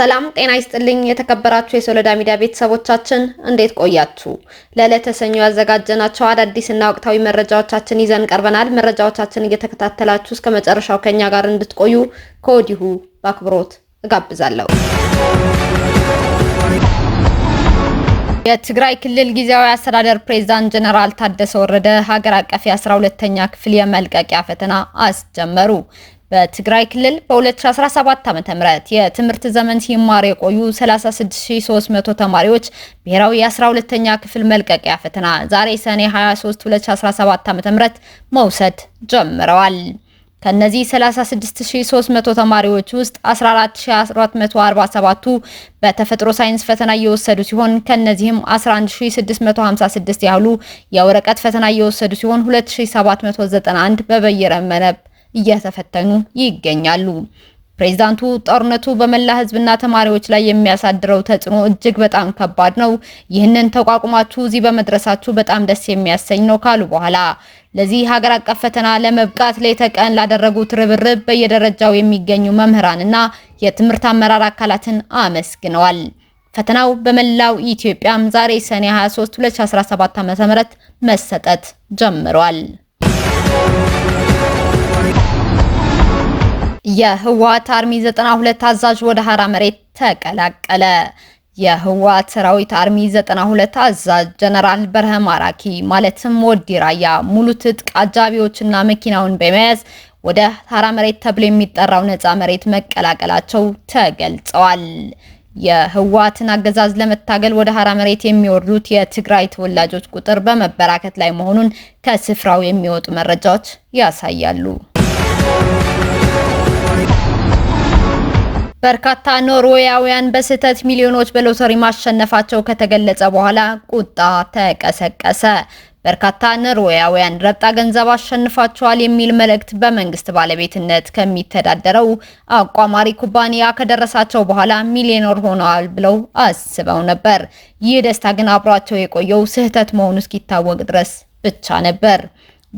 ሰላም ጤና ይስጥልኝ። የተከበራችሁ የሶለዳ ሚዲያ ቤተሰቦቻችን እንዴት ቆያችሁ? ለዕለተ ሰኞ ያዘጋጀናቸው አዳዲስና ወቅታዊ መረጃዎቻችን ይዘን ቀርበናል። መረጃዎቻችን እየተከታተላችሁ እስከ መጨረሻው ከኛ ጋር እንድትቆዩ ከወዲሁ በአክብሮት እጋብዛለሁ። የትግራይ ክልል ጊዜያዊ አስተዳደር ፕሬዝዳንት ጀነራል ታደሰ ወረደ ሀገር አቀፍ የ 12 ተኛ ክፍል የመልቀቂያ ፈተና አስጀመሩ። በትግራይ ክልል በ2017 ም የትምህርት ዘመን ሲማር የቆዩ 36300 ተማሪዎች ብሔራዊ የ12ኛ ክፍል መልቀቂያ ፈተና ዛሬ ሰኔ 23 2017 ም መውሰድ ጀምረዋል። ከነዚህ 36300 ተማሪዎች ውስጥ 14447ቱ በተፈጥሮ ሳይንስ ፈተና እየወሰዱ ሲሆን ከነዚህም 11656 ያህሉ የወረቀት ፈተና እየወሰዱ ሲሆን 2791 በበይነ መረብ እየተፈተኑ ይገኛሉ። ፕሬዚዳንቱ ጦርነቱ በመላ ህዝብና ተማሪዎች ላይ የሚያሳድረው ተጽዕኖ እጅግ በጣም ከባድ ነው፣ ይህንን ተቋቁማችሁ እዚህ በመድረሳችሁ በጣም ደስ የሚያሰኝ ነው ካሉ በኋላ ለዚህ ሀገር አቀፍ ፈተና ለመብቃት ሌት ተቀን ላደረጉት ርብርብ በየደረጃው የሚገኙ መምህራንና የትምህርት አመራር አካላትን አመስግነዋል። ፈተናው በመላው ኢትዮጵያም ዛሬ ሰኔ 23 2017 ዓ.ም መሰጠት ጀምሯል። የህወሓት አርሚ 92 አዛዥ ወደ ሀራ መሬት ተቀላቀለ። የህወሓት ሰራዊት አርሚ 92 አዛዥ ጀነራል በርሀ ማራኪ ማለትም ወዲ ራያ ሙሉ ትጥቅ አጃቢዎችና መኪናውን በመያዝ ወደ ሀራ መሬት ተብሎ የሚጠራው ነፃ መሬት መቀላቀላቸው ተገልጸዋል። የህወሓትን አገዛዝ ለመታገል ወደ ሀራ መሬት የሚወርዱት የትግራይ ተወላጆች ቁጥር በመበራከት ላይ መሆኑን ከስፍራው የሚወጡ መረጃዎች ያሳያሉ። በርካታ ኖርዌያውያን በስህተት ሚሊዮኖች በሎተሪ ማሸነፋቸው ከተገለጸ በኋላ ቁጣ ተቀሰቀሰ። በርካታ ኖርዌያውያን ረብጣ ገንዘብ አሸንፋቸዋል የሚል መልእክት በመንግስት ባለቤትነት ከሚተዳደረው አቋማሪ ኩባንያ ከደረሳቸው በኋላ ሚሊዮነር ሆነዋል ብለው አስበው ነበር። ይህ ደስታ ግን አብሯቸው የቆየው ስህተት መሆኑ እስኪታወቅ ድረስ ብቻ ነበር።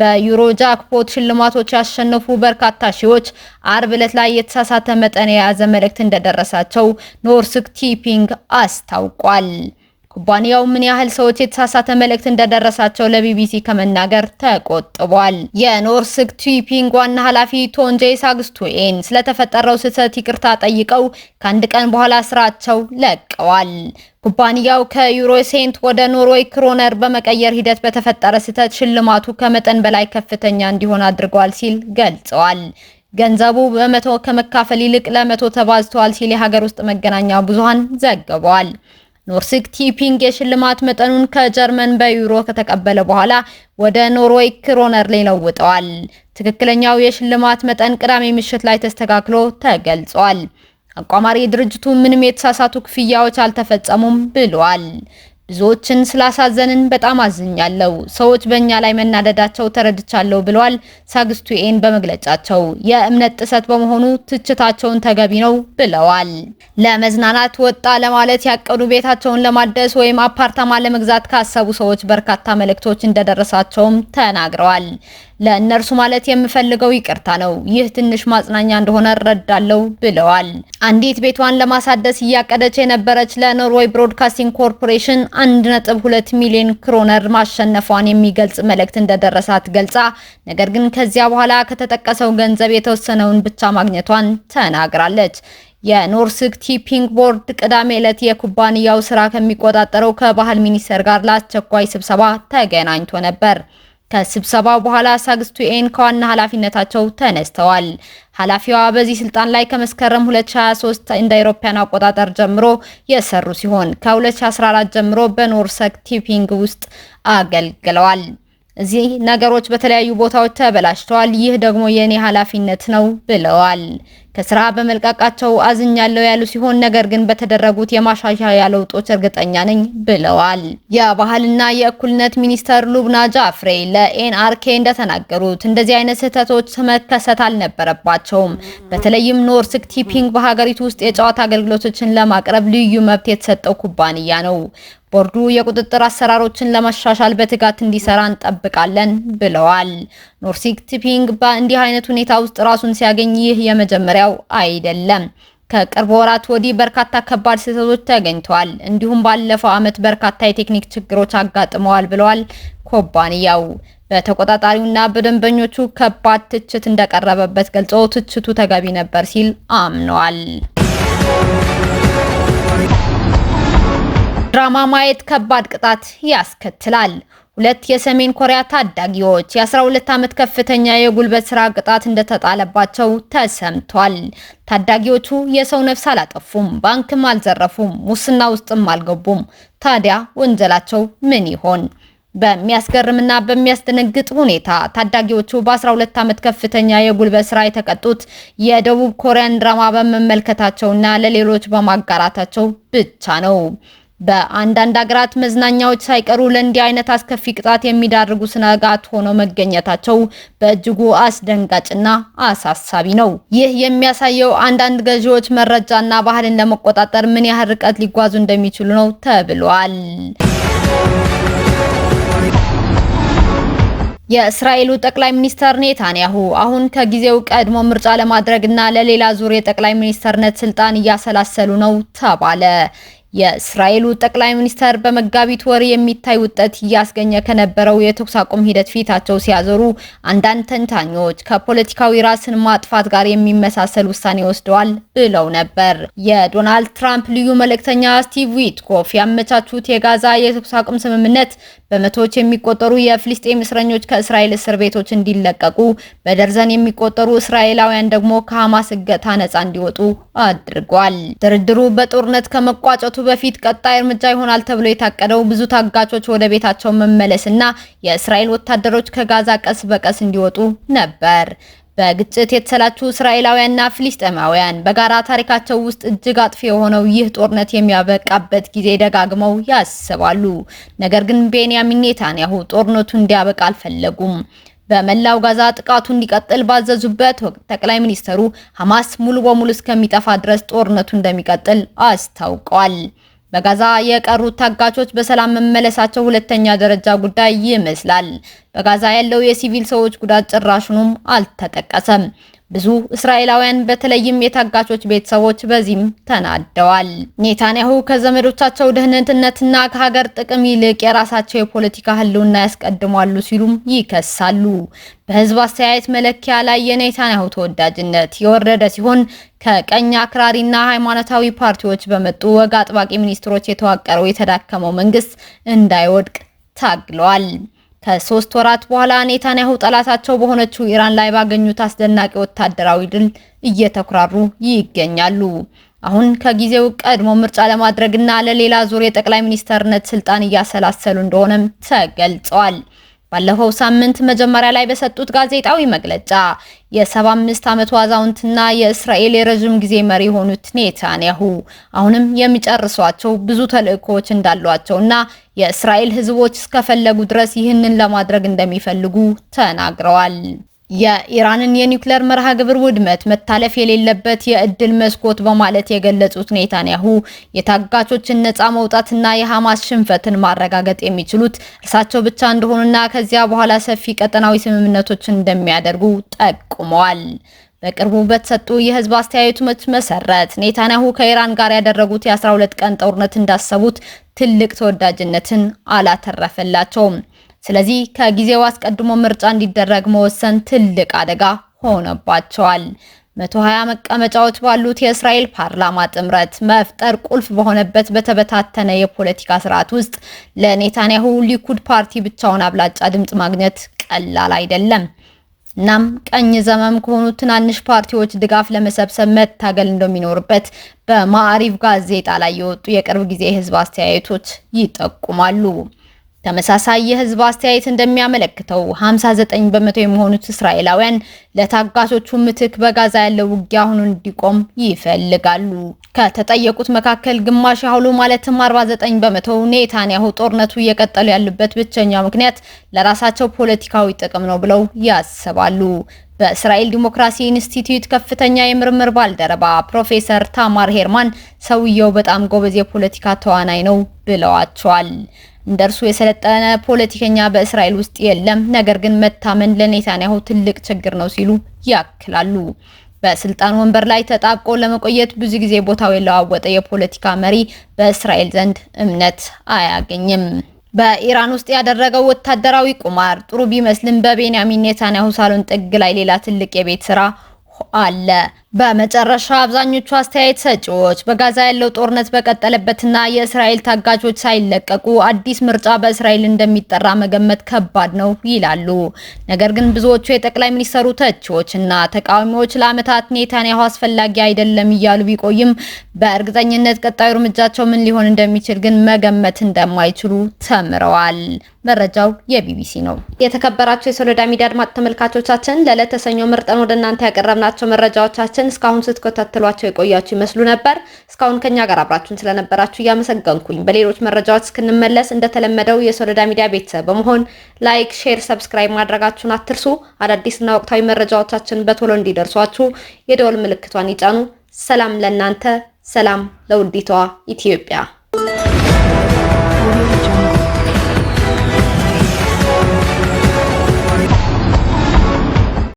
በዩሮ ጃክፖት ሽልማቶች ያሸነፉ በርካታ ሺዎች አርብ ዕለት ላይ የተሳሳተ መጠን የያዘ መልእክት እንደደረሳቸው ኖርስክ ቲፒንግ አስታውቋል። ኩባንያው ምን ያህል ሰዎች የተሳሳተ መልእክት እንደደረሳቸው ለቢቢሲ ከመናገር ተቆጥቧል። የኖርስክ ቲፒንግ ዋና ኃላፊ ቶንጄ ሳግስቱኤን ስለተፈጠረው ስህተት ይቅርታ ጠይቀው ከአንድ ቀን በኋላ ስራቸው ለቀዋል። ኩባንያው ከዩሮ ሴንት ወደ ኖርዌይ ክሮነር በመቀየር ሂደት በተፈጠረ ስህተት ሽልማቱ ከመጠን በላይ ከፍተኛ እንዲሆን አድርጓል ሲል ገልጸዋል። ገንዘቡ በመቶ ከመካፈል ይልቅ ለመቶ ተባዝተዋል ሲል የሀገር ውስጥ መገናኛ ብዙሃን ዘግቧል። ኖርሲክ ቲፒንግ የሽልማት መጠኑን ከጀርመን በዩሮ ከተቀበለ በኋላ ወደ ኖርዌይ ክሮነር ላይ ለውጠዋል። ትክክለኛው የሽልማት መጠን ቅዳሜ ምሽት ላይ ተስተካክሎ ተገልጿል። አቋማሪ ድርጅቱ ምንም የተሳሳቱ ክፍያዎች አልተፈጸሙም ብሏል። ብዙዎችን ስላሳዘንን በጣም አዝኛለሁ። ሰዎች በእኛ ላይ መናደዳቸው ተረድቻለሁ ብለዋል ሳግስቱኤን በመግለጫቸው። የእምነት ጥሰት በመሆኑ ትችታቸውን ተገቢ ነው ብለዋል። ለመዝናናት ወጣ ለማለት ያቀዱ ቤታቸውን ለማደስ ወይም አፓርታማ ለመግዛት ካሰቡ ሰዎች በርካታ መልእክቶች እንደደረሳቸውም ተናግረዋል። ለእነርሱ ማለት የምፈልገው ይቅርታ ነው። ይህ ትንሽ ማጽናኛ እንደሆነ እረዳለሁ ብለዋል። አንዲት ቤቷን ለማሳደስ እያቀደች የነበረች ለኖርዌይ ብሮድካስቲንግ ኮርፖሬሽን 1.2 ሚሊዮን ክሮነር ማሸነፏን የሚገልጽ መልእክት እንደደረሳት ገልጻ ነገር ግን ከዚያ በኋላ ከተጠቀሰው ገንዘብ የተወሰነውን ብቻ ማግኘቷን ተናግራለች። የኖርስክ ቲፒንግ ቦርድ ቅዳሜ ዕለት የኩባንያው ስራ ከሚቆጣጠረው ከባህል ሚኒስቴር ጋር ለአስቸኳይ ስብሰባ ተገናኝቶ ነበር። ከስብሰባው በኋላ ሳግስቱ ኤን ከዋና ኃላፊነታቸው ተነስተዋል። ኃላፊዋ በዚህ ስልጣን ላይ ከመስከረም 2023 እንደ አውሮፓውያን አቆጣጠር ጀምሮ የሰሩ ሲሆን ከ2014 ጀምሮ በኖርሰክ ቲፒንግ ውስጥ አገልግለዋል። እዚህ ነገሮች በተለያዩ ቦታዎች ተበላሽተዋል፣ ይህ ደግሞ የኔ ኃላፊነት ነው ብለዋል። ከስራ በመልቀቃቸው አዝኛለሁ ያሉ ሲሆን ነገር ግን በተደረጉት የማሻሻያ ለውጦች እርግጠኛ ነኝ ብለዋል። የባህልና የእኩልነት ሚኒስተር ሉብና ጃፍሬ ለኤንአርኬ እንደተናገሩት እንደዚህ አይነት ስህተቶች መከሰት አልነበረባቸውም። በተለይም ኖርስክ ቲፒንግ በሀገሪቱ ውስጥ የጨዋታ አገልግሎቶችን ለማቅረብ ልዩ መብት የተሰጠው ኩባንያ ነው። ቦርዱ የቁጥጥር አሰራሮችን ለማሻሻል በትጋት እንዲሰራ እንጠብቃለን ብለዋል። ኖርሲክ ቲፒንግ በእንዲህ አይነት ሁኔታ ውስጥ ራሱን ሲያገኝ ይህ የመጀመሪያው አይደለም። ከቅርብ ወራት ወዲህ በርካታ ከባድ ስህተቶች ተገኝተዋል፣ እንዲሁም ባለፈው ዓመት በርካታ የቴክኒክ ችግሮች አጋጥመዋል ብለዋል ኩባንያው። በተቆጣጣሪውና በደንበኞቹ ከባድ ትችት እንደቀረበበት ገልጾ ትችቱ ተገቢ ነበር ሲል አምኗል። ድራማ ማየት ከባድ ቅጣት ያስከትላል። ሁለት የሰሜን ኮሪያ ታዳጊዎች የ12 ዓመት ከፍተኛ የጉልበት ስራ ቅጣት እንደተጣለባቸው ተሰምቷል። ታዳጊዎቹ የሰው ነፍስ አላጠፉም፣ ባንክም አልዘረፉም፣ ሙስና ውስጥም አልገቡም። ታዲያ ወንጀላቸው ምን ይሆን? በሚያስገርምና በሚያስደነግጥ ሁኔታ ታዳጊዎቹ በ12 ዓመት ከፍተኛ የጉልበት ስራ የተቀጡት የደቡብ ኮሪያን ድራማ በመመልከታቸውና ለሌሎች በማጋራታቸው ብቻ ነው። በአንዳንድ ሀገራት መዝናኛዎች ሳይቀሩ ለእንዲህ አይነት አስከፊ ቅጣት የሚዳርጉ ስነጋት ሆኖ መገኘታቸው በእጅጉ አስደንጋጭና አሳሳቢ ነው። ይህ የሚያሳየው አንዳንድ ገዢዎች መረጃና ባህልን ለመቆጣጠር ምን ያህል ርቀት ሊጓዙ እንደሚችሉ ነው ተብሏል። የእስራኤሉ ጠቅላይ ሚኒስተር ኔታንያሁ አሁን ከጊዜው ቀድሞ ምርጫ ለማድረግና ለሌላ ዙር የጠቅላይ ሚኒስተርነት ስልጣን እያሰላሰሉ ነው ተባለ። የእስራኤሉ ጠቅላይ ሚኒስተር በመጋቢት ወር የሚታይ ውጤት እያስገኘ ከነበረው የተኩስ አቁም ሂደት ፊታቸው ሲያዞሩ አንዳንድ ተንታኞች ከፖለቲካዊ ራስን ማጥፋት ጋር የሚመሳሰል ውሳኔ ወስደዋል ብለው ነበር። የዶናልድ ትራምፕ ልዩ መልእክተኛ ስቲቭ ዊትኮፍ ያመቻቹት የጋዛ የተኩስ አቁም ስምምነት በመቶዎች የሚቆጠሩ የፍልስጤም እስረኞች ከእስራኤል እስር ቤቶች እንዲለቀቁ፣ በደርዘን የሚቆጠሩ እስራኤላውያን ደግሞ ከሐማስ እገታ ነጻ እንዲወጡ አድርጓል። ድርድሩ በጦርነት ከመቋጨቱ በፊት ቀጣይ እርምጃ ይሆናል ተብሎ የታቀደው ብዙ ታጋቾች ወደ ቤታቸው መመለስና የእስራኤል ወታደሮች ከጋዛ ቀስ በቀስ እንዲወጡ ነበር። በግጭት የተሰላቹ እስራኤላውያንና ፍልስጤማውያን በጋራ ታሪካቸው ውስጥ እጅግ አጥፊ የሆነው ይህ ጦርነት የሚያበቃበት ጊዜ ደጋግመው ያስባሉ። ነገር ግን ቤንያሚን ኔታንያሁ ጦርነቱ እንዲያበቃ አልፈለጉም። በመላው ጋዛ ጥቃቱ እንዲቀጥል ባዘዙበት ወቅት ጠቅላይ ሚኒስትሩ ሐማስ ሙሉ በሙሉ እስከሚጠፋ ድረስ ጦርነቱ እንደሚቀጥል አስታውቀዋል። በጋዛ የቀሩት ታጋቾች በሰላም መመለሳቸው ሁለተኛ ደረጃ ጉዳይ ይመስላል። በጋዛ ያለው የሲቪል ሰዎች ጉዳት ጭራሹንም አልተጠቀሰም። ብዙ እስራኤላውያን በተለይም የታጋቾች ቤተሰቦች በዚህም ተናደዋል። ኔታንያሁ ከዘመዶቻቸው ደህንነትና ከሀገር ጥቅም ይልቅ የራሳቸው የፖለቲካ ህልውና ያስቀድሟሉ ሲሉም ይከሳሉ። በህዝብ አስተያየት መለኪያ ላይ የኔታንያሁ ተወዳጅነት የወረደ ሲሆን ከቀኝ አክራሪና ሃይማኖታዊ ፓርቲዎች በመጡ ወግ አጥባቂ ሚኒስትሮች የተዋቀረው የተዳከመው መንግስት እንዳይወድቅ ታግለዋል። ከሶስት ወራት በኋላ ኔታንያሁ ጠላታቸው በሆነችው ኢራን ላይ ባገኙት አስደናቂ ወታደራዊ ድል እየተኩራሩ ይገኛሉ። አሁን ከጊዜው ቀድሞ ምርጫ ለማድረግና ለሌላ ዙር የጠቅላይ ሚኒስተርነት ስልጣን እያሰላሰሉ እንደሆነም ተገልጸዋል። ባለፈው ሳምንት መጀመሪያ ላይ በሰጡት ጋዜጣዊ መግለጫ የ75 ዓመቱ አዛውንትና የእስራኤል የረዥም ጊዜ መሪ የሆኑት ኔታንያሁ አሁንም የሚጨርሷቸው ብዙ ተልእኮዎች እንዳሏቸውና የእስራኤል ሕዝቦች እስከፈለጉ ድረስ ይህንን ለማድረግ እንደሚፈልጉ ተናግረዋል። የኢራንን የኒውክሌር መርሃ ግብር ውድመት መታለፍ የሌለበት የእድል መስኮት በማለት የገለጹት ኔታንያሁ የታጋቾችን ነፃ መውጣትና የሐማስ ሽንፈትን ማረጋገጥ የሚችሉት እርሳቸው ብቻ እንደሆኑና ከዚያ በኋላ ሰፊ ቀጠናዊ ስምምነቶችን እንደሚያደርጉ ጠቁመዋል። በቅርቡ በተሰጡ የህዝብ አስተያየቶች መሰረት ኔታንያሁ ከኢራን ጋር ያደረጉት የ12 ቀን ጦርነት እንዳሰቡት ትልቅ ተወዳጅነትን አላተረፈላቸውም። ስለዚህ ከጊዜው አስቀድሞ ምርጫ እንዲደረግ መወሰን ትልቅ አደጋ ሆነባቸዋል። 120 መቀመጫዎች ባሉት የእስራኤል ፓርላማ ጥምረት መፍጠር ቁልፍ በሆነበት በተበታተነ የፖለቲካ ስርዓት ውስጥ ለኔታንያሁ ሊኩድ ፓርቲ ብቻውን አብላጫ ድምፅ ማግኘት ቀላል አይደለም። እናም ቀኝ ዘመም ከሆኑ ትናንሽ ፓርቲዎች ድጋፍ ለመሰብሰብ መታገል እንደሚኖርበት በማዕሪፍ ጋዜጣ ላይ የወጡ የቅርብ ጊዜ የህዝብ አስተያየቶች ይጠቁማሉ። ተመሳሳይ የህዝብ አስተያየት እንደሚያመለክተው 59 በመቶ የሚሆኑት እስራኤላውያን ለታጋቾቹ ምትክ በጋዛ ያለው ውጊያ አሁኑ እንዲቆም ይፈልጋሉ። ከተጠየቁት መካከል ግማሽ ያህሉ ማለትም 49 በመቶ ኔታንያሁ ጦርነቱ እየቀጠሉ ያሉበት ብቸኛው ምክንያት ለራሳቸው ፖለቲካዊ ጥቅም ነው ብለው ያስባሉ። በእስራኤል ዲሞክራሲ ኢንስቲትዩት ከፍተኛ የምርምር ባልደረባ ፕሮፌሰር ታማር ሄርማን ሰውየው በጣም ጎበዝ የፖለቲካ ተዋናይ ነው ብለዋቸዋል። እንደ እርሱ የሰለጠነ ፖለቲከኛ በእስራኤል ውስጥ የለም፣ ነገር ግን መታመን ለኔታንያሁ ትልቅ ችግር ነው ሲሉ ያክላሉ። በስልጣን ወንበር ላይ ተጣብቆ ለመቆየት ብዙ ጊዜ ቦታው የለዋወጠ የፖለቲካ መሪ በእስራኤል ዘንድ እምነት አያገኝም። በኢራን ውስጥ ያደረገው ወታደራዊ ቁማር ጥሩ ቢመስልም በቤንያሚን ኔታንያሁ ሳሎን ጥግ ላይ ሌላ ትልቅ የቤት ስራ አለ። በመጨረሻ አብዛኞቹ አስተያየት ሰጪዎች በጋዛ ያለው ጦርነት በቀጠለበትና የእስራኤል ታጋቾች ሳይለቀቁ አዲስ ምርጫ በእስራኤል እንደሚጠራ መገመት ከባድ ነው ይላሉ። ነገር ግን ብዙዎቹ የጠቅላይ ሚኒስትሩ ተቺዎች እና ተቃዋሚዎች ለዓመታት ኔታንያሁ አስፈላጊ አይደለም እያሉ ቢቆይም በእርግጠኝነት ቀጣዩ እርምጃቸው ምን ሊሆን እንደሚችል ግን መገመት እንደማይችሉ ተምረዋል። መረጃው የቢቢሲ ነው። የተከበራቸው የሶሎዳ ሚዲያ አድማጭ ተመልካቾቻችን ለዕለተ ሰኞ ምርጠን ወደ እናንተ ያቀረብናቸው መረጃዎቻችን ዝግጅቶቻችን እስካሁን ስትከታተሏቸው የቆያችሁ ይመስሉ ነበር። እስካሁን ከኛ ጋር አብራችሁን ስለነበራችሁ እያመሰገንኩኝ በሌሎች መረጃዎች እስክንመለስ እንደተለመደው የሶለዳ ሚዲያ ቤተሰብ በመሆን ላይክ፣ ሼር፣ ሰብስክራይብ ማድረጋችሁን አትርሱ። አዳዲስና ወቅታዊ መረጃዎቻችን በቶሎ እንዲደርሷችሁ የደወል ምልክቷን ይጫኑ። ሰላም ለእናንተ፣ ሰላም ለውዲቷ ኢትዮጵያ።